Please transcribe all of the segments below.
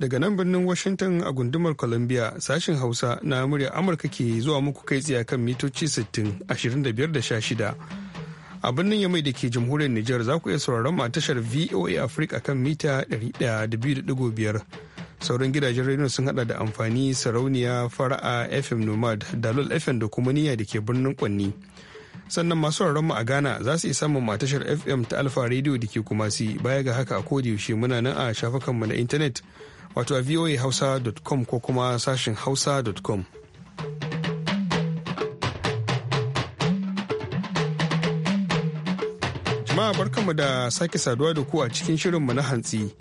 daga nan birnin washington a gundumar columbia sashen hausa na murya amurka ke zuwa muku kai tsaye kan mitoci 60 25 16 a birnin yamai da ke jamhuriyar niger za ku iya sauraron ma tashar voa africa kan mita 102.5 sauran gidajen rediyon sun hada da amfani sarauniya fara'a fm nomad dalol fm da kuma niyya da ke birnin kwanni sannan masu sauraron mu a ghana za su iya samun tashar fm ta alfa radio da ke kumasi baya ga haka a yaushe muna nan a shafukanmu na intanet wato a voahausa.com ko kuma sashin hausa.com. Jama'a barkanmu da sake saduwa da ku a cikin shirinmu na hantsi.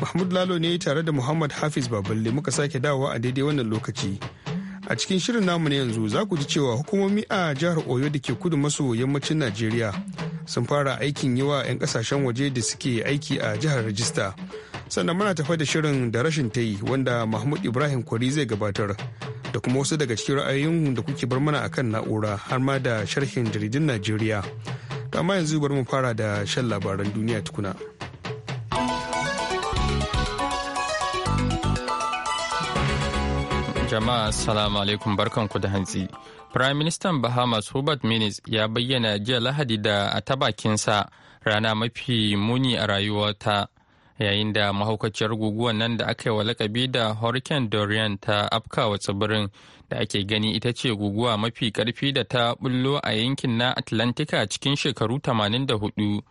Mahmud Lalo ne tare da Muhammad Hafiz Baballe muka sake dawowa a daidai wannan lokaci. A cikin shirin namu na yanzu za ku ji cewa hukumomi a jihar Oyo da ke kudu maso yammacin Najeriya sun fara aikin yi wa 'yan kasashen waje da suke aiki a jihar rajista sannan muna tafa da shirin da rashin ta yi wanda mahmud ibrahim kwari zai gabatar da kuma wasu daga cikin ra'ayoyin da kuke bar mana akan na'ura har ma da sharhin jaridun najeriya amma yanzu bari mu fara da shan labaran duniya tukuna jama'a assalamu alaikum barkanku da hantsi Prime Minister Bahamas Hubert minis ya bayyana jiya Lahadi da a ta bakinsa rana mafi muni a rayuwarta yayin da mahaukaciyar guguwan nan da aka yi wa lakabi da hurricane dorian ta afkawa tsibirin da ake gani ita ce guguwa mafi karfi da ta bullo a yankin na atlantika cikin shekaru 84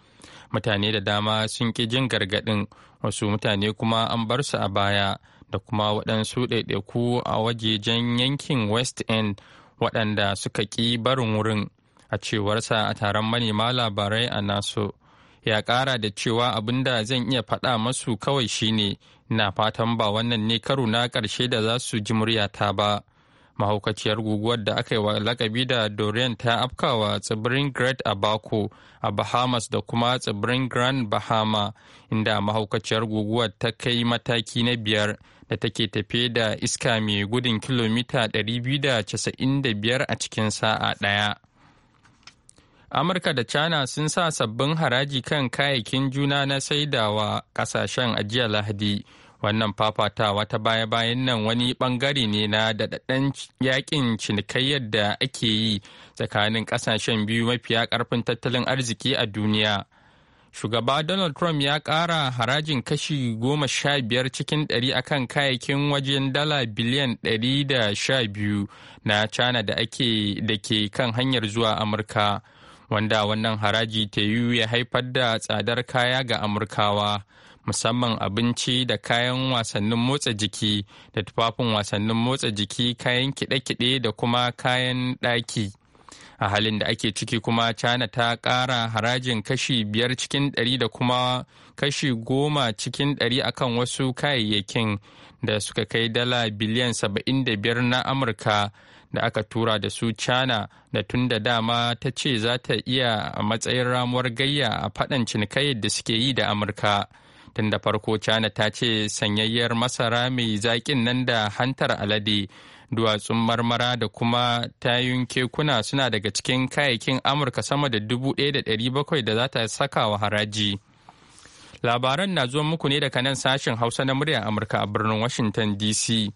mutane da dama sun ƙi jin gargaɗin wasu mutane kuma an bar su a baya da kuma waɗansu ɗaiɗaiku a wajejen yankin west end waɗanda suka ƙi barin wurin a cewarsa a taron manema labarai a nasu. ya kara da cewa abin da zan iya faɗa masu kawai shine na fatan ba wannan ne karo na ƙarshe da za su ji muryata ba mahaukaciyar guguwar da aka yi wa lakabi da dorian ta afkawa tsibirin great abaco a bahamas da kuma tsibirin grand bahama inda mahaukaciyar guguwar ta kai mataki na biyar da take tafe da iska mai gudun kilomita 295 a cikin sa'a ɗaya. amurka da china sun sa sabbin haraji kan kayayyakin juna na saidawa kasashen ajiyar lahadi wannan fafata wata baya-bayan nan wani bangare ne na daɗaɗɗen yakin cinikayyar da ake yi tsakanin ƙasashen biyu mafiya ƙarfin tattalin arziki a duniya shugaba donald trump ya ƙara harajin kashi goma sha biyar cikin ɗari a kan kayayyakin wajen dala biliyan ɗari da sha biyu na china da ke kan hanyar zuwa amurka wanda wannan haraji ta yiwu ya haifar da tsadar kaya ga amurkawa musamman abinci da kayan wasannin motsa jiki da tufafin wasannin motsa jiki kayan kide-kide da kuma kayan ɗaki a halin da ake ciki kuma china ta ƙara harajin kashi biyar cikin ɗari da kuma kashi goma cikin ɗari akan wasu kayayyakin da suka kai dala biliyan 75 na amurka da aka tura da su china da tun da dama ta ce za ta iya a matsayin ramuwar gayya a faɗan cinikayyar da suke yi da amurka tun da farko china ta ce sanyayyar masara mai zaƙin nan da hantar alade duwatsun marmara da kuma tayun kekuna suna daga cikin kayayyakin amurka sama da dubu ɗaya da ɗari za ta saka wa haraji labaran na zuwa muku ne daga nan sashen hausa na muryar amurka a birnin washington dc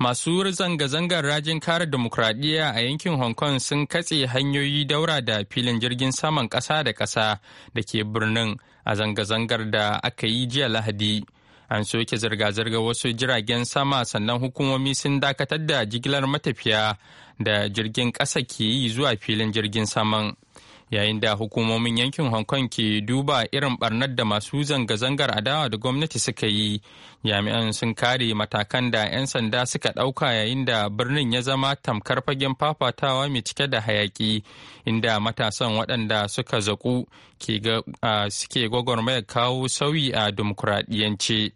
Masu zanga-zangar rajin kare demokradiyya a yankin Hong Kong sun katse hanyoyi daura da filin jirgin saman ƙasa da ƙasa da ke birnin a zanga-zangar da aka yi jiya Lahadi. An soke zirga-zirga wasu jiragen sama sannan hukumomi sun dakatar da jigilar matafiya da jirgin ƙasa ke yi zuwa filin jirgin saman. yayin da hukumomin yankin hong kong ke duba irin barnar da masu zanga-zangar adawa da gwamnati suka yi jami'an sun kare matakan da 'yan sanda suka ɗauka yayin da birnin ya zama tamkar fagen fafatawa mai cike da hayaki inda matasan waɗanda suka zaku suke gwagwarmaya kawo sauyi a dimokuraɗiyance.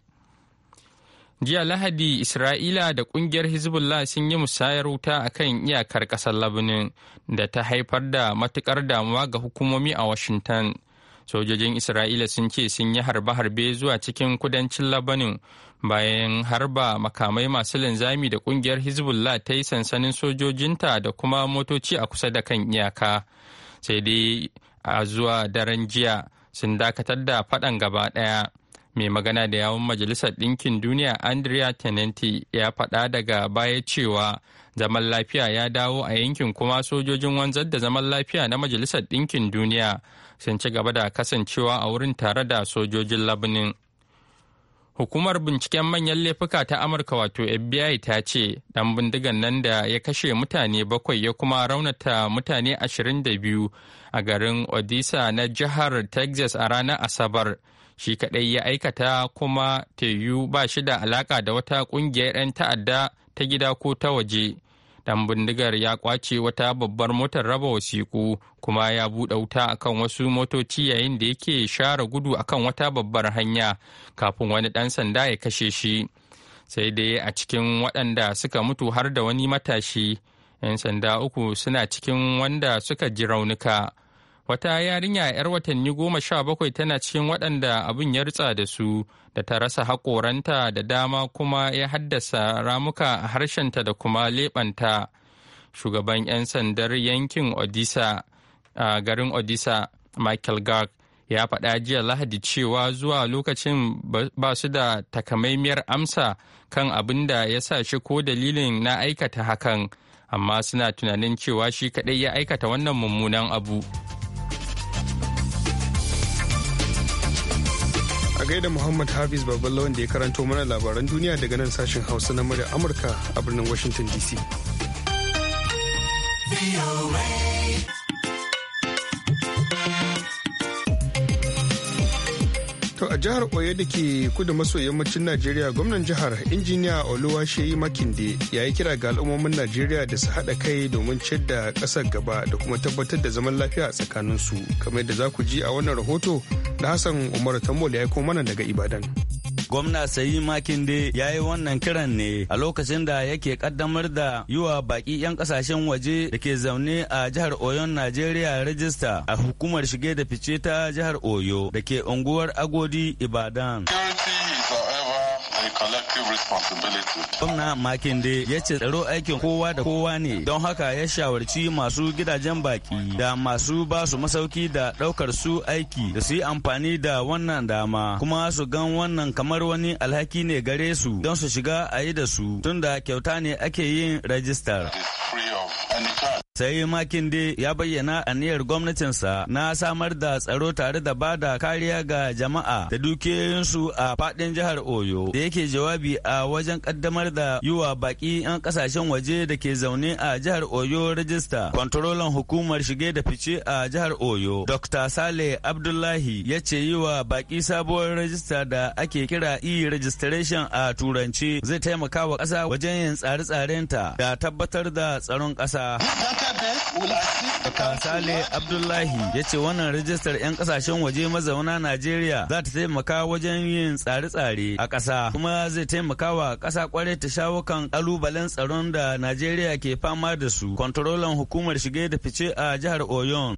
jiya lahadi isra'ila da kungiyar hezbollah sun yi musayar wuta a kan iyakar kasar labanin da ta haifar da matukar damuwa ga hukumomi a washington sojojin isra'ila sun ce sun yi harbe-harbe zuwa cikin kudancin labanin bayan harba makamai masu linzami da kungiyar hezbollah ta yi sansanin sojojinta da kuma motoci a kusa da kan iyaka sai dai a zuwa daren jiya sun dakatar da faɗan gaba ɗaya. mai magana da yawun majalisar ɗinkin duniya andrea tenenti ya faɗa daga baya cewa zaman lafiya ya dawo a yankin kuma sojojin wanzar da zaman lafiya na majalisar ɗinkin duniya sun ci gaba da kasancewa a wurin tare da sojojin labunin. hukumar binciken manyan laifuka ta amurka wato fbi ta ce ɗan bindigan nan da ya kashe mutane bakwai ya kuma raunata mutane 22 a garin odisa na jihar texas a ranar asabar shi kaɗai ya aikata kuma teyu ba shi da alaka da wata ƙungiyar 'yan ta'adda ta gida ko ta waje. Dan bindigar ya kwace wata babbar motar raba wasiku kuma ya buɗe wuta akan wasu motoci yayin da yake share gudu akan wata babbar hanya kafin wani ɗan sanda ya kashe shi. Sai dai a cikin waɗanda suka mutu har da wani matashi, 'yan sanda uku suna cikin wanda suka ji raunuka. wata yarinya 'yar watanni goma sha bakwai tana cikin waɗanda abin ya ritsa da su da ta rasa haƙoranta da dama kuma ya haddasa ramuka a harshenta da kuma leɓanta shugaban 'yan sandar yankin odisa a garin odisa michael garg ya faɗa jiya lahadi cewa zuwa lokacin ba su da takamaimiyar amsa kan abin da ya sa shi ko dalilin na aikata hakan amma suna tunanin cewa shi kaɗai ya aikata wannan mummunan abu. A gaida Muhammad Hafiz Baballa wanda ya karanto mana labaran duniya daga nan sashen Hausa na murya Amurka a birnin Washington DC. jihar Oyo da ke kudu maso yammacin Najeriya gwamnan jihar injiniya Oluwaseyi Makinde ya yi kira ga al'ummomin Najeriya da su haɗa kai domin ciyar da ƙasar gaba da kuma tabbatar da zaman lafiya a tsakaninsu kamar da za ku ji a wannan rahoto da Hassan Umar Tamol ya yi mana daga Ibadan. Gwamna Sayi Makinde ya yi wannan kiran ne a lokacin da yake kaddamar da yiwa baki 'yan kasashen waje da ke zaune a jihar Oyon Najeriya rajista a hukumar shige da fice ta jihar Oyo da ke unguwar Agodi Ibadan. collective responsibility. Gwamna Makinde ya ce tsaro aikin kowa da kowa ne don haka ya shawarci masu gidajen baki da masu ba su masauki da ɗaukar su aiki da su yi amfani da wannan dama kuma su gan wannan kamar wani alhaki ne gare su don su shiga a yi da su tunda kyauta ne ake yin rajistar. sai makinde ya bayyana a aniyar gwamnatinsa na samar da tsaro tare da ba da kariya ga jama'a da dukiyoyinsu a fadin jihar oyo da yake jawabi a wajen kaddamar da yiwa baki 'yan kasashen waje da ke zaune a jihar oyo rajista kwantarolan hukumar shige da fice a jihar oyo dr sale abdullahi ya ce yi wa baki sabuwar rajista da ake kira e-registration a turanci zai taimaka wa ƙasa wajen yin tsare-tsarenta da tabbatar da tsaron ƙasa. Sale Abdullahi ya ce wannan rijistar 'yan kasashen waje mazauna Najeriya za ta taimaka wajen yin tsare-tsare a ƙasa kuma zai taimaka wa ƙasa kware ta shawo kan ƙalubalen tsaron da Najeriya ke fama da su. Kwantarolan hukumar shige da fice a jihar Oyon.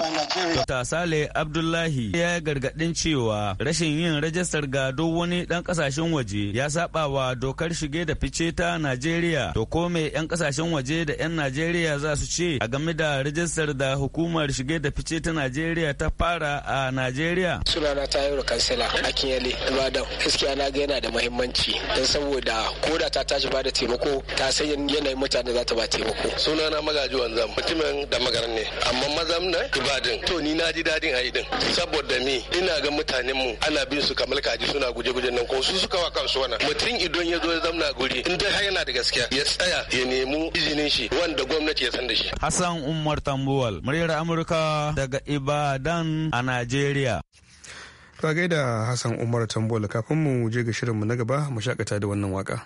Nigeria. Dr. Sale Abdullahi ya gargaɗin cewa rashin yin rajistar ga duk wani ɗan ƙasashen waje ya saba wa dokar shige da fice ta Najeriya. To ko me 'yan ƙasashen waje da 'yan Najeriya za su ce a game da rajistar da hukumar shige da fice ta Najeriya ta fara a Najeriya? Sunana ta yi kansila a Kinyale, Ibadan. Gaskiya na ga yana da muhimmanci don saboda ko da ta tashi ba da taimako ta sanya yanayin mutane za ta ba taimako. Sunana magaji wanzam mutumin da magaran ne amma mazam ne Ibadan. To ni na ji dadin a din saboda ni ina ga mutanen mu ana bin su kamar kaji suna guje-guje nan ko su suka wa kansu wannan. Mutum idon ya zo ya zamna guri in dai har yana da gaskiya ya tsaya ya nemi izinin shi wanda gwamnati ya san da shi. Hassan Umar Tambuwal, muryar Amurka daga Ibadan a Najeriya. Ka gaida Hassan Umar Tambuwal kafin mu je ga shirin mu na gaba mu shakata da wannan waka.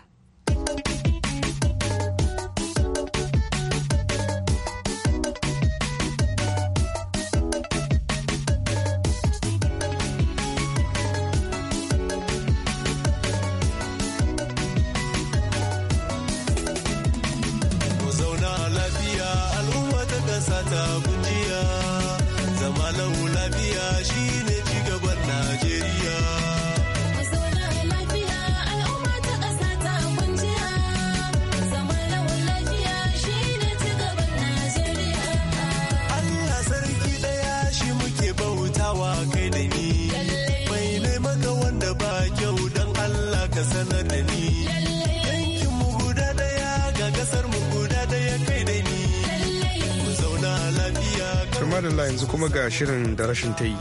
kuma ga shirin da rashin ta yi.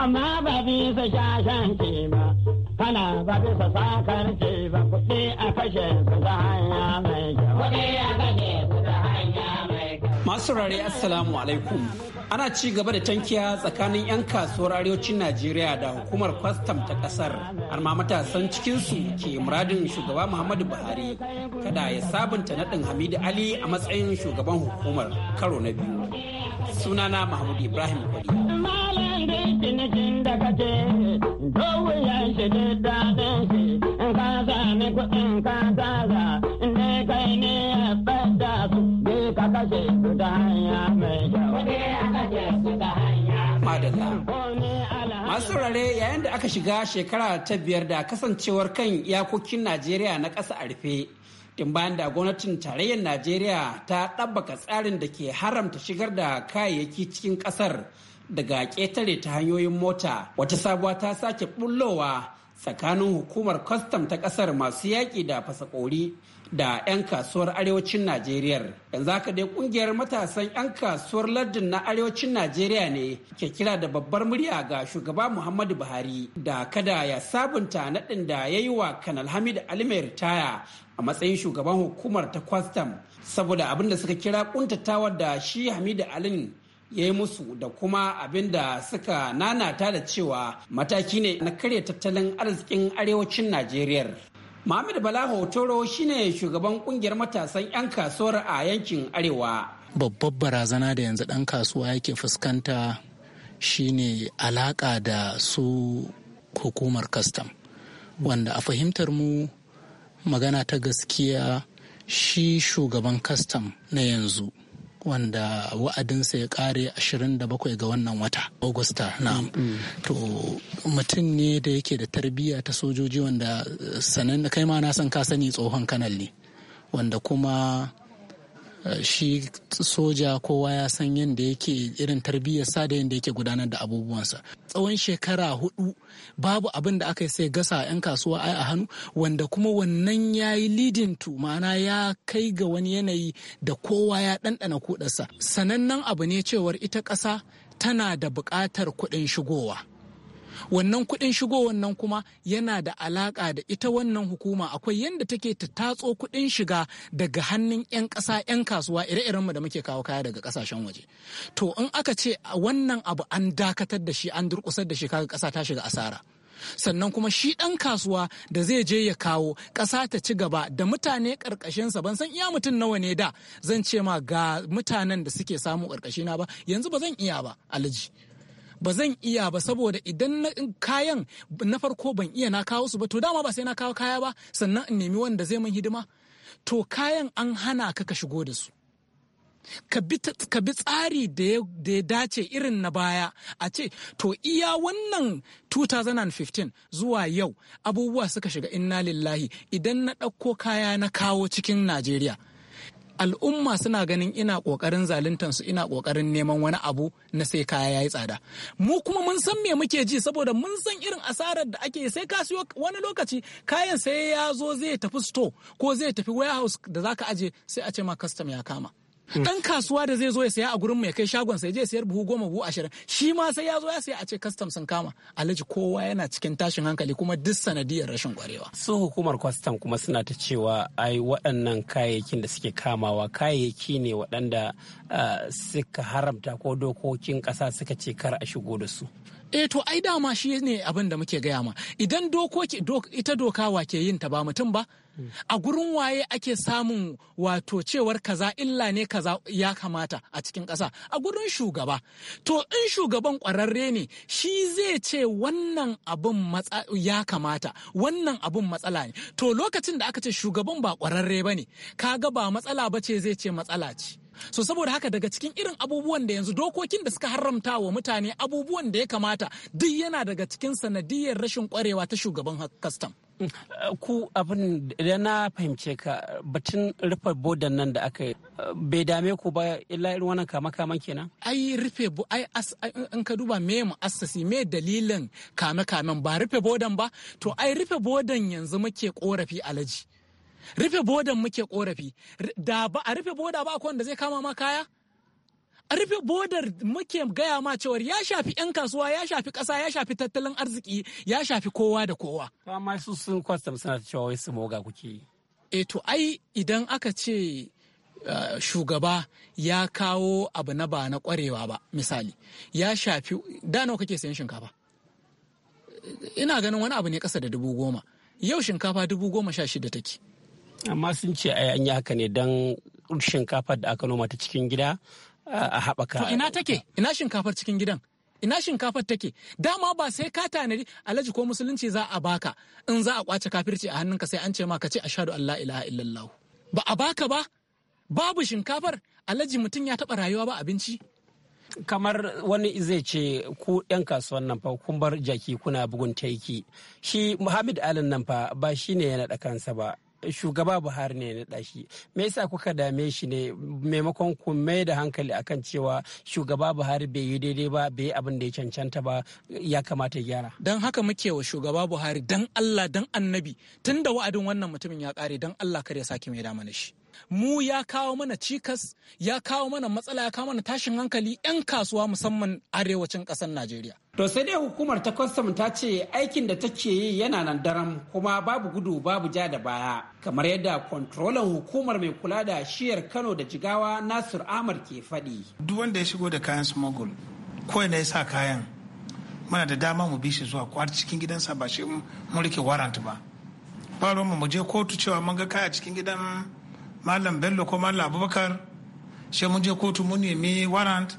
Amma ba bisa shashan ke ba, kana ba bisa sakar ke ba, kuɗi a kashe su ta hanya mai kyau. Kuɗi a kashe su Masu Assalamu alaikum. Ana ci gaba da tankiya tsakanin 'yan kasuwar arewacin Najeriya da hukumar kwastam ta kasar. Har ma matasan cikinsu ke muradin shugaba Muhammadu Buhari kada ya sabunta naɗin Hamidu Ali a matsayin shugaban hukumar karo na biyu. Sunana Mahmud Ibrahim Kwari. Ka kuɗin ne su ta hanya mai kyau. su ta hanya mai kyau. Masu rare yayin da aka shiga shekara ta biyar da kasancewar kan iyakokin Najeriya na ƙasa a rufe. Tun bayan da gwamnatin tarayyar Najeriya ta ɗabbaka tsarin da ke haramta shigar da kayayyaki cikin ƙasar daga ƙetare ta hanyoyin mota wata sabuwa ta sake ɓullowa. tsakanin hukumar kwastam ta kasar masu yaƙi da fasakori da 'yan kasuwar arewacin najeriya yanzu haka dai kungiyar matasan 'yan kasuwar lardin na arewacin najeriya ne ke kira da babbar murya ga shugaba muhammadu buhari da kada ya sabunta naɗin da ya yi wa kanal hamid ali mai ritaya a matsayin shugaban hukumar ta kwastam saboda abin da suka kira kuntatawar da shi hamidu alin ya yi musu da kuma abin da suka nanata da cewa mataki ne na karya tattalin arzikin arewacin najeriya Muhammad Bala Hotoro shine shugaban kungiyar matasan 'yan kasuwar a yankin Arewa. Babbar barazana da yanzu ɗan kasuwa yake fuskanta shine alaƙa da su hukumar kastam. Wanda a fahimtar mu magana ta gaskiya shi shugaban kastam na yanzu wanda wa'adinsa ya kare 27 ga wannan wata augusta na mm, mm. to mutum ne da yake da tarbiyya ta sojoji wanda eh, sanin kai ma na san ka sani tsohon kanal ne wanda kuma shi soja kowa ya san yadda yake irin tarbiyyarsa da yadda yake gudanar da abubuwansa tsawon shekara hudu babu abin da aka sai gasa 'yan kasuwa ai a hannu wanda kuma wannan ya yi leading to ma'ana ya kai ga wani yanayi da kowa ya ɗanɗana kudarsa sanannen abu ne cewar ita ƙasa tana da buƙatar kuɗin shigowa wannan kuɗin shigo wannan kuma yana da alaƙa da ita wannan hukuma akwai yadda take ta tatso kuɗin shiga daga hannun 'yan ƙasa 'yan kasuwa ire-iren mu da muke kawo kaya daga ƙasashen waje to in aka ce wannan abu an dakatar da shi an durƙusar da shi kaga kasa ta shiga asara sannan kuma shi ɗan kasuwa da zai je ya kawo ƙasa ta ci gaba da mutane ƙarƙashinsa ban san iya mutum nawa ne da zan ce ma ga mutanen da suke samu ƙarƙashina ba yanzu ba zan iya ba aliji ba zan iya ba saboda idan na kayan na farko ban iya na kawo su ba to dama ba sai na kawo kaya ba sannan in nemi wanda zai min hidima to kayan an hana ka ka shigo da su ka bi tsari da ya dace irin na baya a ce to iya wannan 2015 zuwa yau abubuwa suka shiga inna lillahi idan na ɗauko kaya na kawo cikin najeriya al'umma suna ganin ina kokarin zaluntar su ina kokarin neman wani abu na sai kaya yayi tsada mu kuma mun san me muke ji saboda mun san irin asarar da ake sai ka siyo wani lokaci kayan sai ya zo zai tafi store ko zai tafi warehouse da zaka aje sai a ce ma custom ya kama Mm. dan kasuwa da zai zo ya saya a gurin mai kai shagon sai je sayar buhu goma buhu ashirin shi ma sai ya zo ya saya a ce custom sun kama alhaji kowa yana cikin tashin hankali kuma duk sanadiyar rashin kwarewa su hukumar kwastam kuma suna ta cewa ai waɗannan kayayyakin da suke kamawa kayayyaki ne waɗanda ah, suka haramta ko dokokin ƙasa suka ce kar a shigo da su eh to ai dama shi ne abin da muke gaya ma idan dokoki ita doka wa ke yin ta ba mutum ba a gurin waye ake samun wato cewar kaza illa ne kaza ya kamata a cikin ƙasa a gurin shugaba to in shugaban kwararre ne shi zai ce wannan abin ya kamata wannan abin matsala ne to lokacin da aka ce shugaban ba ƙwararre ba ne kaga ba matsala ba ce zai ce matsala ce so saboda haka daga cikin irin abubuwan da yanzu dokokin da suka haramta wa mutane abubuwan da ya kamata duk yana daga cikin sanadiyar rashin kwarewa ta shugaban kastam eh, ku abin da na fahimce ka batun rufe bodan nan da aka yi eh, bai dame ku ba illa irin wannan kama kaman kenan ai rufe ai in ka duba me mu assasi me dalilin kame kamen ba rufe bodan ba to ai rufe bodan yanzu muke korafi alaji rufe bodan muke korafi da ba a rufe boda ba akwai wanda zai kama ma kaya a rufe bodar muke gaya ma cewar ya shafi 'yan kasuwa ya shafi ƙasa ya shafi tattalin arziki ya shafi kowa da kowa. amma su sun kwastam suna cewa wai su moga kuke. e to ai idan aka ce eh, shugaba ya kawo abu na ba na kwarewa ba misali ya shafi da nawa kake sayan shinkafa ina ganin wani abu ne kasa da dubu goma yau shinkafa dubu goma sha shida take amma sun ce an yi haka ne don shinkafa da aka noma ta cikin gida a haɓaka ina take ina shinkafar cikin gidan ina shinkafar take dama ba sai ka tanadi alhaji ko musulunci za a baka in za a kwace kafirci a hannunka sai an ce ma ka ce ashhadu an la ilaha illallah ba a baka ba babu shinkafar alhaji mutum ya taɓa rayuwa ba abinci kamar wani zai ce ku 'yan kasuwan nan fa kun bar jaki kuna bugun taiki shi muhammad alin nan fa ba shi ne ya naɗa kansa ba shugaba buhari ne na ɗashi me yasa kuka dame shi ne maimakon ku mai da hankali akan cewa shugaba buhari bai yi daidai ba bai yi abin da ya cancanta ba ya kamata gyara don haka muke wa shugaba buhari dan allah dan annabi tun da wa'adin wannan mutumin ya kare dan allah kar ya sake mai da mana shi mu ya kawo mana cikas ya kawo mana matsala ya kawo mana tashin hankali 'yan kasuwa musamman arewacin ƙasar najeriya to sai dai hukumar ta kwastam ta ce aikin da take yi yana nan daram kuma babu gudu babu ja da baya kamar yadda kontrolan hukumar mai kula da shiyar kano da jigawa nasir ahmad ke faɗi duk wanda ya shigo da kayan smuggle ko ya sa kayan muna da dama mu bi shi zuwa kwar cikin gidansa ba shi mun rike warrant ba ba mu je kotu cewa mun ga kaya cikin gidan malam bello ko malam abubakar sai mun je kotu mun nemi warrant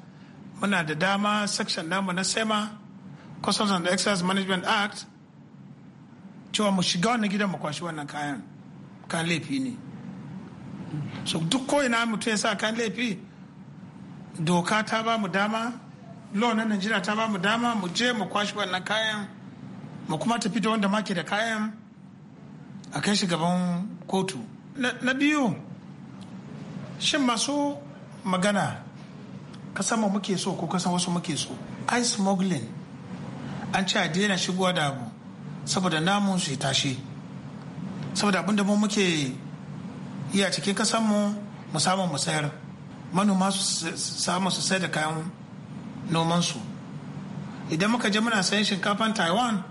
muna da dama section namu na sema customs and excise management act cewa mu shiga wannan gidan mu kwashi wannan kayan kan laifi ne so duk ko'ina mutum ya sa kan laifi doka ta ba mu dama law na najeriya ta ba mu dama mu je mu kwashi wannan kayan mu kuma tafi da wanda make da kayan a kai shi gaban kotu na biyu shin masu magana kasan mu muke so ko kasan wasu muke so ai smuggling an ce a daina shigowa da abu saboda namun su tashi saboda abinda mu muke yi a cikin kasan mu mu samu mu sayar manoma su samu su sayar da kayan nomansu idan muka je muna sayan shinkafan taiwan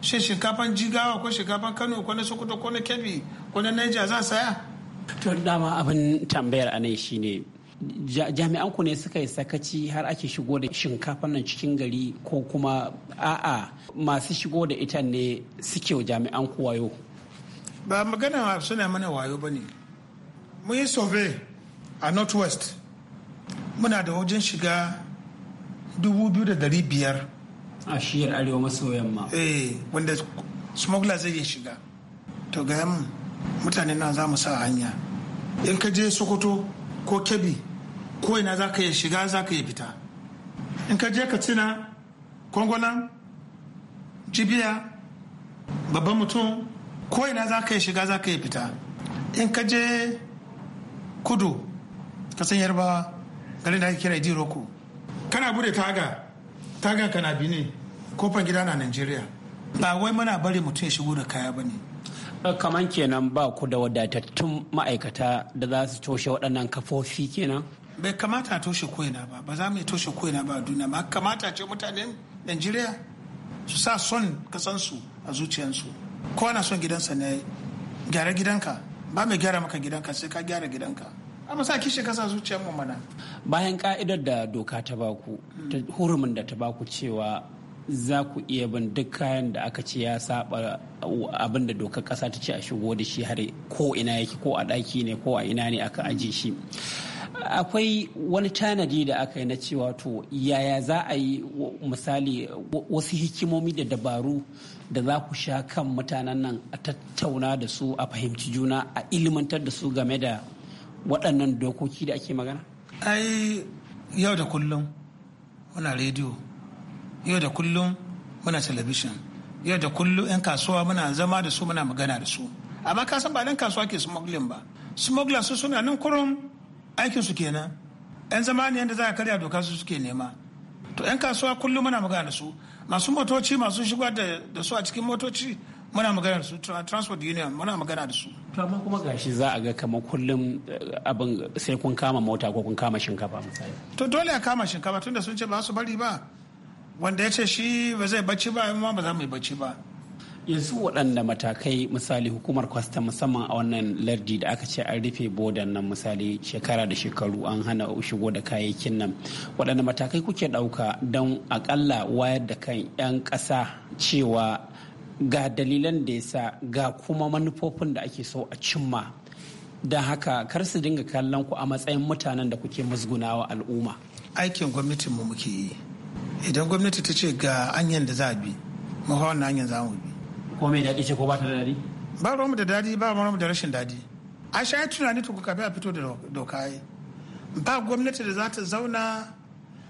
shin shinkafan jigawa ko shinkafan kano ko na sokoto ko na kebbi ko na niger za saya to dama abin tambayar shi ne. jami'an ku ne suka yi sakaci har ake shigo da shinkafa nan cikin gari ko kuma a'a masu shigo da ita ne suke jami'an ku wayo ba magana suna mana wayo ba ne mun yi sove a northwest muna da wajen shiga 2,500 a shiyar arewa maso yamma eh wanda smuggler zai iya shiga to ga mu mutane na za mu sa hanya in ka je sokoto ko kebbi ko ina za ka shiga za ka iya fita in ka je katsina kongolan jibiya babban mutum ko ina za ka shiga za ka iya fita in ka je kudu ka san yarbawa garin da ake kira idiroko kana bude taga tagan kana ne, kofan gida na nigeria ba wai muna bari mutum ya shigo da kaya ba ne Eh, kaman kenan ba ku da wadatattun ma'aikata da za su toshe waɗannan kafofi kenan bai kamata a toshe ko'ina ba ba za mu toshe ko'ina ba a duniya ma kamata ce mutanen najeriya su sa son kasansu a zuciyansu ko na son gidansa ne gyara gidanka ba mai gyara maka gidanka sai ka gyara gidanka amma sa kishe kasa zuciyar mu mana bayan ka'idar da doka ta baku ta hurumin da ta baku cewa za ku iya bin duk kayan da aka ce ya saba abin da dokar kasa ta ce a shigo da shi har ko ina yake ko a ɗaki ne ko a ina ne aka aje shi akwai wani tanadi da aka yi na cewa to yaya za a yi misali wasu hikimomi da dabaru da za ku sha kan mutanen nan a tattauna da su a fahimci juna a ilimantar da su game da waɗannan dokoki da ake magana ai yau da kullum muna rediyo yau da kullum muna talabishin yau da kullum 'yan kasuwa muna zama da su muna magana da su amma ka san ba dan kasuwa ke smuggling ba smugglers su suna nan kurum aikin su kenan 'yan zama ne yadda za a karya doka su suke nema to 'yan kasuwa kullum muna magana da su masu motoci masu shigo da su a cikin motoci muna magana da su transport union muna magana da su to amma kuma gashi za a ga kamar kullum eh, abin sai kun kama mota ko kun kama shinkafa misali to dole a kama shinkafa tunda sun ce ba su bari ba wanda ya ce shi ba zai bacci ba ma ba za mu yi bacci ba yanzu waɗanda matakai misali hukumar kwasta musamman a wannan lardi da aka ce an rufe bodan nan misali shekara da shekaru an hana shigo da kayayyakin nan waɗanda matakai kuke ɗauka don akalla wayar da kan 'yan ƙasa cewa ga dalilan da ya sa ga kuma manufofin da ake so a cimma don haka kar su dinga kallon ku a matsayin mutanen da kuke musgunawa al'umma aikin gwamnatinmu muke yi idan gwamnati ta ce ga anyan da za a bi mu hawa wannan anyan za mu bi ko mai daɗi ce ko ba ta da daɗi ba ruwanmu da daɗi ba ruwanmu da rashin daɗi a shayar tunani to kafin a fito da doka ba gwamnati da za ta zauna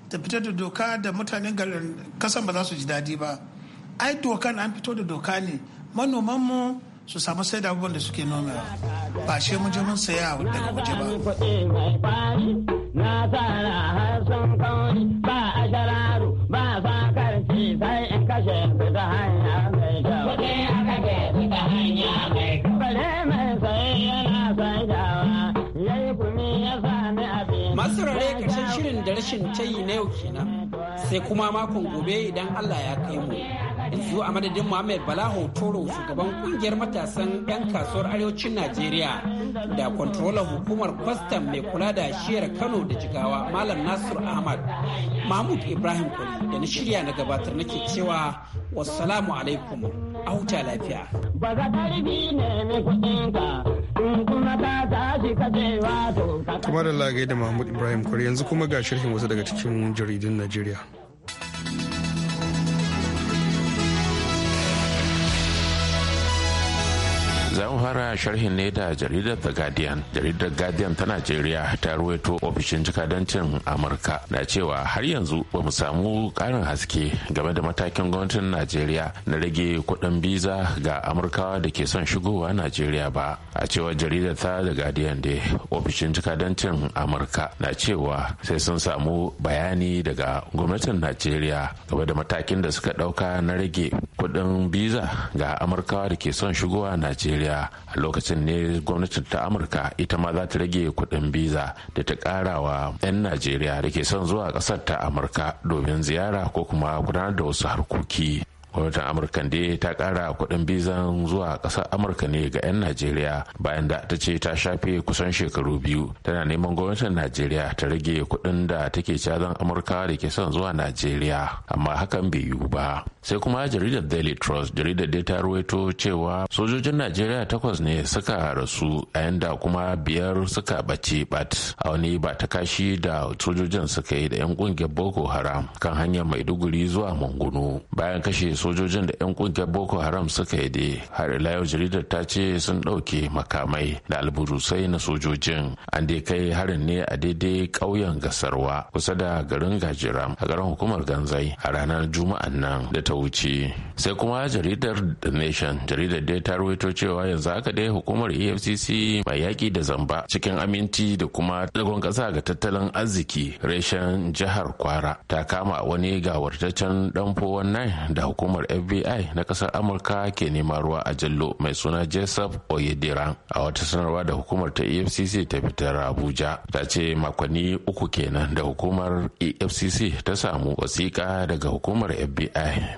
ta fitar da doka da mutanen kasan ba za su ji daɗi ba ai dokan an fito da doka ne manomanmu su samu sai da abubuwan da suke nomewa ba shi mun je mun saya daga waje ba na tsara har ba a mai kyau. ya sami abin. Masu karshen shirin da rashin tayi na yau kenan sai kuma makon gobe idan Allah ya kai mu. yanzu a madadin muhammed bala hotoro shugaban kungiyar matasan 'yan kasuwar arewacin najeriya da kontrolar hukumar kwastam mai kula da shiyar kano da jigawa malam nasir ahmad mahmud ibrahim kwali da na shirya na gabatar nake cewa wassalamu alaikum a huta lafiya kuma da lagai da mahmud ibrahim kwari yanzu kuma ga shirhin wasu daga cikin jaridun najeriya za mu fara sharhin ne da jaridar the guardian jaridar guardian ta najeriya ta ruwaito ofishin jikadancin amurka na cewa har yanzu ba mu samu karin haske game da matakin gwamnatin najeriya na rage kuɗin biza ga amurkawa da ke son shigowa najeriya ba a cewa jaridar ta the guardian da ofishin jikadancin amurka na cewa sai sun samu bayani daga gwamnatin najeriya game da matakin da suka ɗauka na rage kuɗin biza ga amurkawa da ke son shigowa najeriya najeriya a lokacin ne gwamnatin ta amurka ita ma za ta rage kuɗin biza da ta ƙara 'yan najeriya da ke son zuwa ƙasar ta amurka domin ziyara ko kuma gudanar da wasu harkoki gwamnatin amurka dai ta kara kudin bizan zuwa kasar amurka ne ga 'yan najeriya bayan da ta ce ta shafe kusan shekaru biyu tana neman gwamnatin najeriya ta rage kudin da take cazan amurka da ke son zuwa najeriya amma hakan bai yiwu ba sai kuma jaridar daily trust jaridar da ta ruwaito cewa sojojin najeriya takwas ne suka rasu a yanda kuma biyar suka bace bat a wani ba ta kashi da sojojin suka yi da 'yan ƙungiyar boko haram kan hanyar maiduguri zuwa manguno bayan kashe sojojin da 'yan kungiyar boko haram suka yi dai har ila yau jaridar ta ce sun ɗauke makamai da alburusai na sojojin an dai kai harin ne a daidai ƙauyen gasarwa kusa da garin gajiram a garin hukumar ganzai a ranar juma'an nan da ta wuce sai kuma jaridar the nation jaridar dai ta ruwaito cewa yanzu haka dai hukumar efcc mai yaƙi da zamba cikin aminci da kuma dagon ƙasa ga tattalin arziki reshen jihar kwara ta kama wani gawartaccen dan nan da hukumar hukumar fbi na kasar amurka ke neman ruwa a jallo mai suna jessup oyedira a wata sanarwa da hukumar ta efcc ta fitar abuja ta ce makonni uku kenan da hukumar efcc ta samu wasiƙa daga hukumar fbi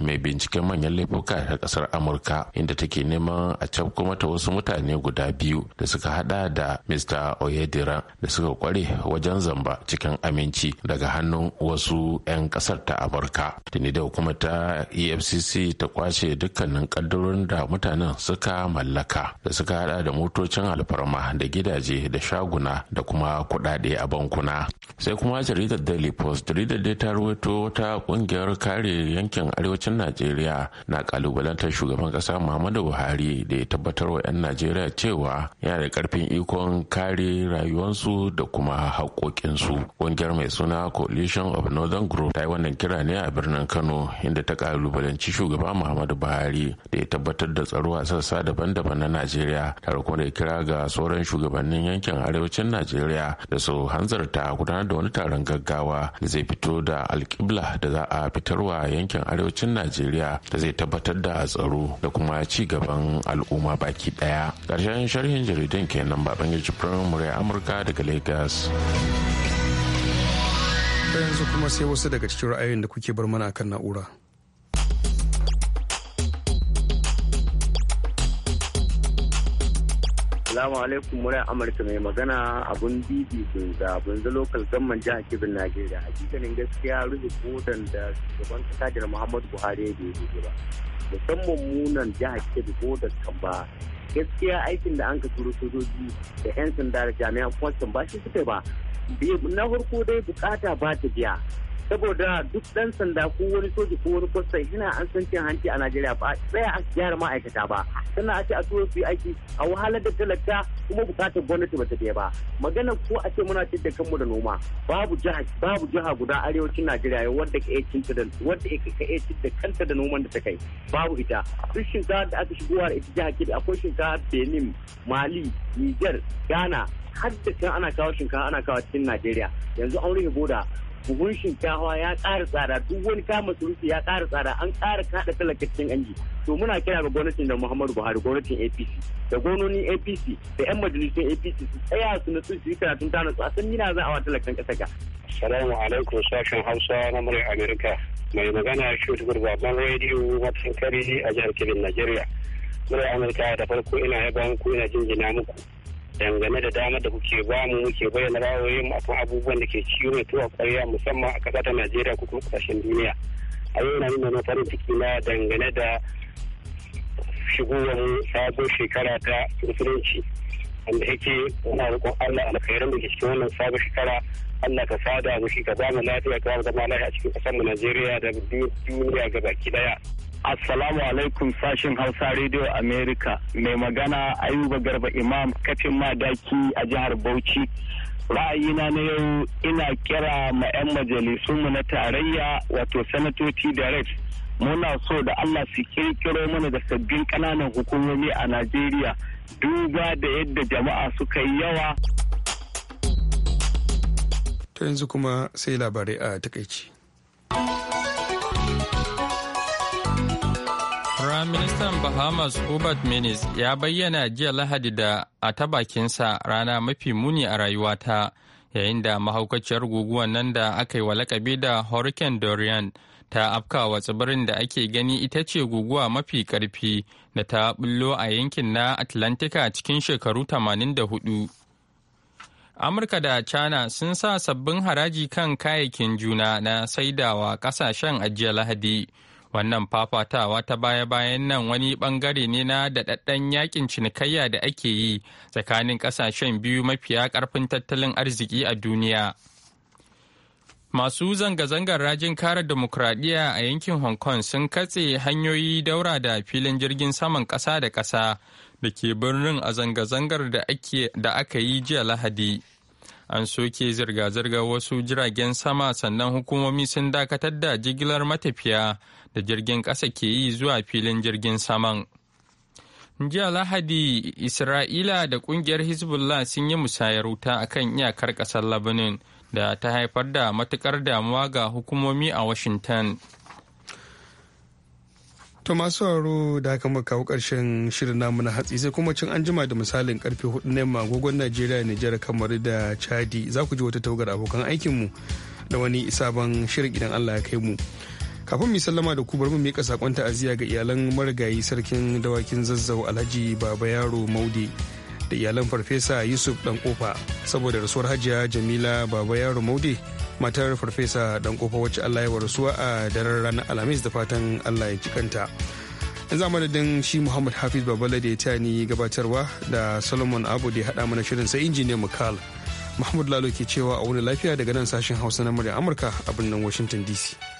mai binciken manyan laifuka ta kasar amurka inda take neman a can kuma ta wasu mutane guda biyu da suka hada da mr oyedira da suka kware wajen zamba cikin aminci daga hannun wasu 'yan kasar ta amurka tuni da hukumar ta efcc efcc ta kwace dukkanin kaddarorin da mutanen suka mallaka da suka hada da motocin alfarma da gidaje da shaguna da kuma kudade a bankuna sai kuma jaridar daily post jaridar dai ta ruwaito wata kungiyar kare yankin arewacin najeriya na kalubalantar shugaban kasa muhammadu buhari da ya tabbatar wa 'yan najeriya cewa yana da karfin ikon kare rayuwarsu da kuma haƙoƙinsu kungiyar mai suna coalition of northern group ta yi wannan kira ne a birnin kano inda ta kalubalanci shugaba muhammadu buhari da ya tabbatar da tsaro a sassa daban-daban na najeriya tare kuma da kira ga sauran shugabannin yankin arewacin najeriya da su hanzarta gudanar da wani taron gaggawa da zai fito da alkibla da za a fitarwa yankin arewacin najeriya da zai tabbatar da tsaro da kuma ci gaban al'umma baki daya ƙarshen sharhin jaridan kenan baban ya jibirin murya amurka daga lagos yanzu kuma sai wasu daga cikin ra'ayoyin da kuke bar mana kan na'ura Salamu alaikum murai Amurka mai magana abun bibi abun zalo lokal gamman jihar Kebbi Najeriya. Hakikanin gaskiya rufe kodan da shugaban kasa da Muhammadu Buhari ya bai ba. Musamman munan jihar Kebbi kodan kan ba gaskiya aikin da an ka turo sojoji da 'yan sanda da jami'an kwastam ba shi suka ba na farko dai bukata ba ta biya saboda duk dan sanda ko wani soji ko wani kwasta yana an san cin hanci a Najeriya ba tsaya a gyara ma'aikata ba sannan a ce a tura su aiki a wahalar da talaka kuma bukatar gwamnati ba ta biya ba magana ko a ce muna cin da kanmu da noma babu jiha guda arewacin Najeriya wadda ka iya da kanta da noman da ta kai babu ita duk shinkafa da aka shigowa da ita jiha ke akwai shinkafa Benin Mali Niger Ghana har da kan ana kawo shinkafa ana kawo cikin Najeriya yanzu an rufe boda buhun shinkafa ya ƙara tsada duk wani kama surutu ya ƙara tsada an ƙara kaɗa talakacin anji to muna kira ga gwamnatin da muhammadu buhari gwamnatin apc da gwamnonin apc da yan majalisun apc su tsaya su na su ta karatun tana su a san yana za a wa talakan ƙasa ga. assalamu alaikum sashen hausa na murya amerika mai magana shutu gurbaban rediyo matan kari a jihar kebbi nigeria murya amurka da farko ina yaban ku ina jinjina muku dangane da damar da kuke ba mu muke bayyana rawoyin mu akan abubuwan da ke ciwo tuwa kwarya musamman a ƙasa ta Najeriya ko kuma ƙasashen duniya. A yau na nuna farin ciki na dangane da shigowar sabon shekara ta musulunci wanda yake muna roƙon Allah alkhairan da ke cikin wannan sabon shekara Allah ka sada mu shi ka mu lafiya ka zama lafiya a cikin ƙasar mu Najeriya da duniya gabaki daya. Assalamu alaikum sashen Hausa Radio America mai magana Ayuba Garba Imam kafin madaki a jihar Bauchi. Ra'ayina na yau ina kira ma 'yan majalisunmu na tarayya wato sanatoci da reps muna so da Allah su kirkiro mana da sabbin ƙananan hukumomi a Najeriya duba da yadda jama'a suka yi yawa. ta yanzu kuma sai labarai a takaici. ministan Bahamas Hubert Menes ya bayyana jiya Lahadi da a ta bakinsa rana mafi muni a rayuwata yayin da mahaukaciyar guguwan nan da aka yi wa lakabi da Hurricane Dorian ta afkawa tsibirin da ake gani ita ce guguwa mafi karfi da ta bullo a yankin na Atlantika cikin shekaru 84. Amurka da China sun sa sabbin haraji kan kayayyakin juna na saidawa kasashen ajiyar Lahadi. Wannan fafatawa ta baya-bayan nan wani bangare ne na daɗaɗɗen yakin cinikayya da ake yi tsakanin ƙasashen biyu mafiya ƙarfin tattalin arziki a duniya. Masu zanga-zangar rajin kare demokuraɗiyya a yankin Hong Kong sun katse hanyoyi daura da filin jirgin saman ƙasa da ƙasa da ke birnin a zanga-zangar da aka yi jiya Lahadi. an soke zirga-zirgar wasu jiragen sama sannan hukumomi sun dakatar da jigilar matafiya da jirgin ƙasa ke yi zuwa filin jirgin saman. jiya lahadi isra'ila da ƙungiyar hezbollah sun yi musayar wuta a kan iyakar ƙasar labanin da ta haifar da matukar damuwa ga hukumomi a washington to masu sauraro da haka muka kawo ƙarshen shirin namu na hatsi sai kuma cin anjima da misalin karfe hudu na yamma agogon najeriya nijar kamar da chadi za ku ji wata taugar abokan aikinmu da wani sabon shirin idan allah ya kai mu. kafin mu sallama da ku bari mu miƙa sakon ta'aziyya ga iyalan marigayi sarkin dawakin zazzau alhaji baba yaro maude da iyalan farfesa yusuf dan kofa saboda rasuwar hajiya jamila baba yaro maude matar farfesa dan kofa wacce allah ya warasu a daren ranar alhamis da fatan allah ya cikanta za zamanin shi muhammad hafiz babala da ya taya ni gabatarwa da solomon abu da ya haɗa mana shirin sai injiniya mukal muhammad lalo ke cewa a wani lafiya daga nan sashen hausa na murya amurka a birnin washington dc